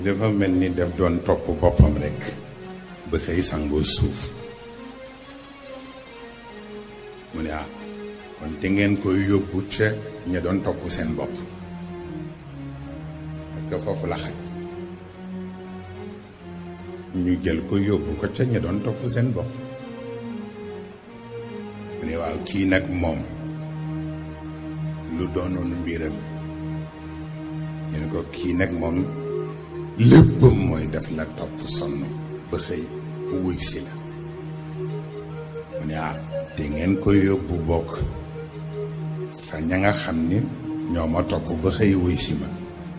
dafa mel ni def doon topp boppam rekk ba xëy sangoo suuf mu ne ah kon te ngeen koy yóbbu ca ña doon topp seen bopp parce que foofu la xaj ñu jël ko yóbbu ca ña doon topp seen bopp mu ne waaw kii nag moom lu doonoon mbiram ñu ne ko kii nag moom léppam moy def la top sonu ba xey wuy si la mu ne ah ngeen ko yobbu bok fa nya nga xamni ñoma top ma topp ba wuy si ma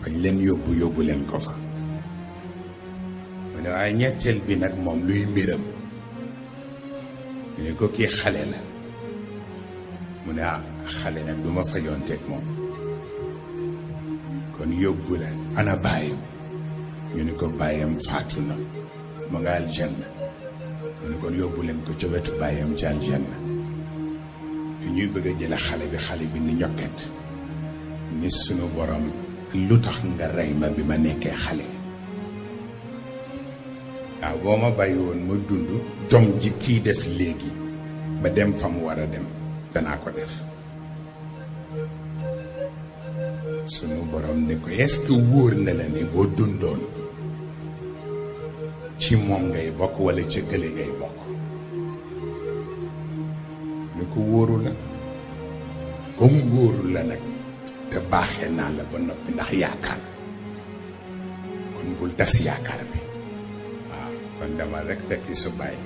fañ leen yobbu yobbu leen ko fa mu ah, bi nak mom luy mbiram ñi ko ki xale la mune xale mom kon yobbu la ana baye ñu ni ko bàyyam faatu na mu nga aljanna ñu ni kon yóbbu leen ko ca wetu bàyyam ci aljanna fi ñuy bëgg a jële xale bi xale bi ni ñokket ni sunu borom lu tax nga rey ma bi ma nekkee xale waaw boo ma bàyyi woon ma dund jom ji kii def léegi ba dem fa mu war a dem danaa ko def sunu borom ne ko est-ce que wóor na la ni boo dundoon ci moom ngay bokk wala ca ngay bokk ni ko wóoru la comme wóoru la nag te baaxee naa la ba noppi ndax yaakaar kon bul tas yaakaar bi waaw kon dama rek fekki su bàyyi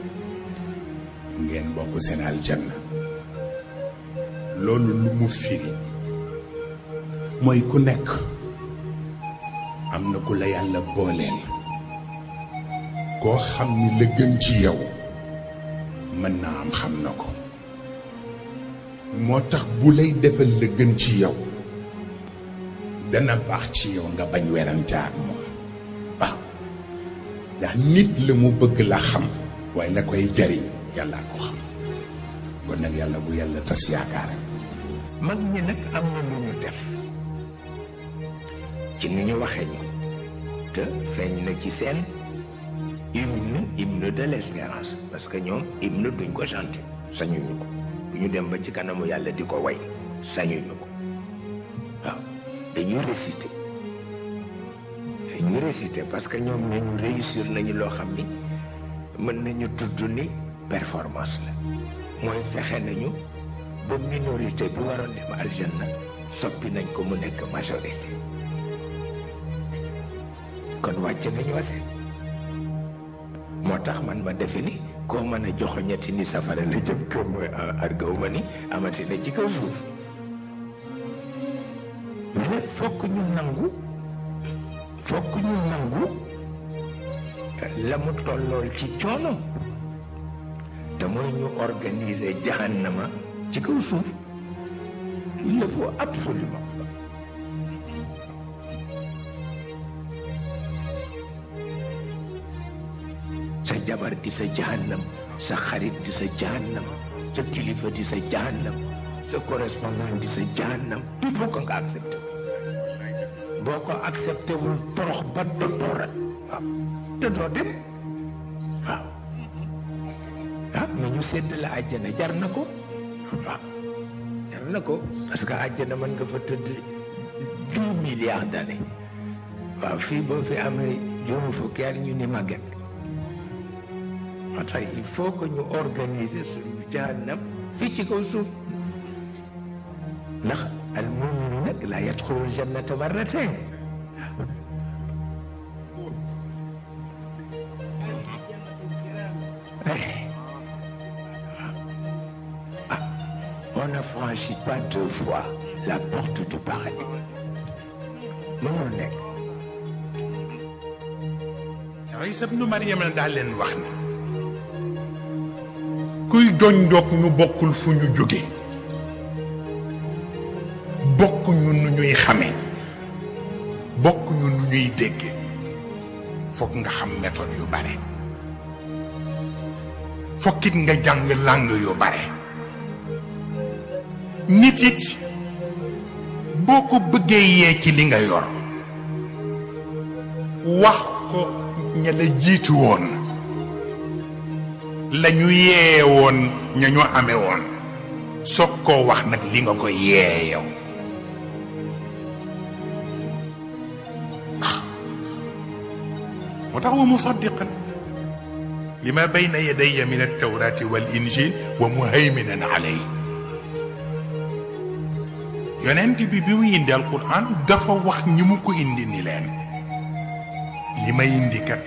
ngeen ku seen aljanna loolu lu mu firi mooy ku nekk am na ku la yàlla booleel koo xam ni la gën ci yow mën naa am xam na ko moo tax bu lay defal la gën ci yow dana baax ci yow nga bañ werante ak moom waaw ndax nit la mu bëgg la xam waaye la koy jariñ yàlla ko xam kon nag yàlla bu yàlla tas yaakaaram mag ñi nag am na lu ñu def ci ni ñu waxee ñu te feeñ na ci seen hymne hymne de l'espérance parce que ñoom hymne duñ ko chanté sañuñu ko du ñu dem ba ci kanamu yàlla di ko way sañuñu ko waaw dañuy récité dañuy récité parce que ñoom nañu réussir nañu loo xam ni mën nañu tudd ni performance la mooy fexe nañu ba minorité bi waroon dem aljanna soppi nañ ko mu nekk majorité kon wàcc nañu wate moo tax man ma defe ni koo mën a joxoñati ni safara la jëm kër mooy argaw ma ni amati na ci kaw suuf mais fokk ñu nangu fokk ñu nangu eh, la mu tollool ci coono te mooy ñu organiser jahannama ci kaw suuf il le faut absolument sa jahannam sa kharit di sa jahannam sa kilifa di sa jahannam sa correspondant di sa jahannam il faut que nga boko boo wul torox ba rek te doo dem waaw ah ñu sedd la àjjana jar na ko jar na parce que nga fa fi jomu fukki ni ata il faut que ñu organiser ce jahannam fi ci kaw suuf ndax al muminu nag la al jannata marratain ah eh. on ne franchit pas deux fois la porte du paradis Mon nekk Isa bnu Maryam daal wax kuy doñ doog ñu bokkul fu ñu jóge bokk ñu nu ñuy xamee bokk ñu nu ñuy dégge foog nga xam méthode yu bare fokkit nga jàng làng yu bare nit it boo ko bëggee yee ci li nga yor wax ko ña la jiitu woon lañu ñu yee woon ña ñu amee woon soog koo wax nag li nga ko yee yow moo tax wa musaddiqan lima bayna yadayya min altawrati wal injil wa muhayminan alay yonent bi bi mu indi alquran dafa wax ñi mu ko indi ni leen li ma indi kat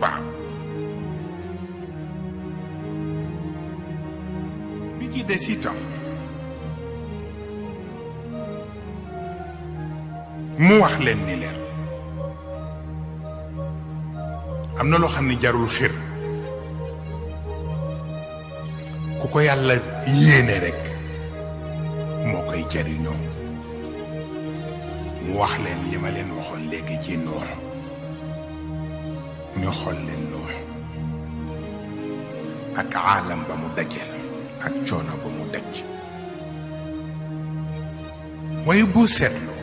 waaw bi ci des itam mu wax leen ni leen am na loo xam ne jarul xir ku ko yàlla yéene rekk moo koy jariñoo mu wax leen li ma leen waxoon léegi ci noonu ñoxolli nuux ak aalam ba mu dajeel ak coono ba mu daj waaye boo seetloo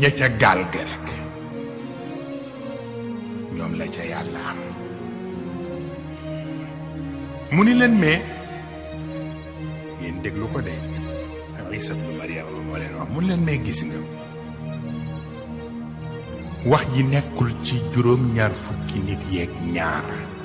ña ca gaal ga rekk ñoom la ca yàlla am mu ni leen mais yéen déglu ko de Isa bnu Maryam moo leen mu leen mais gis nga wax ji nekkul ci juróom ñaar fukki nit yeeg ñaar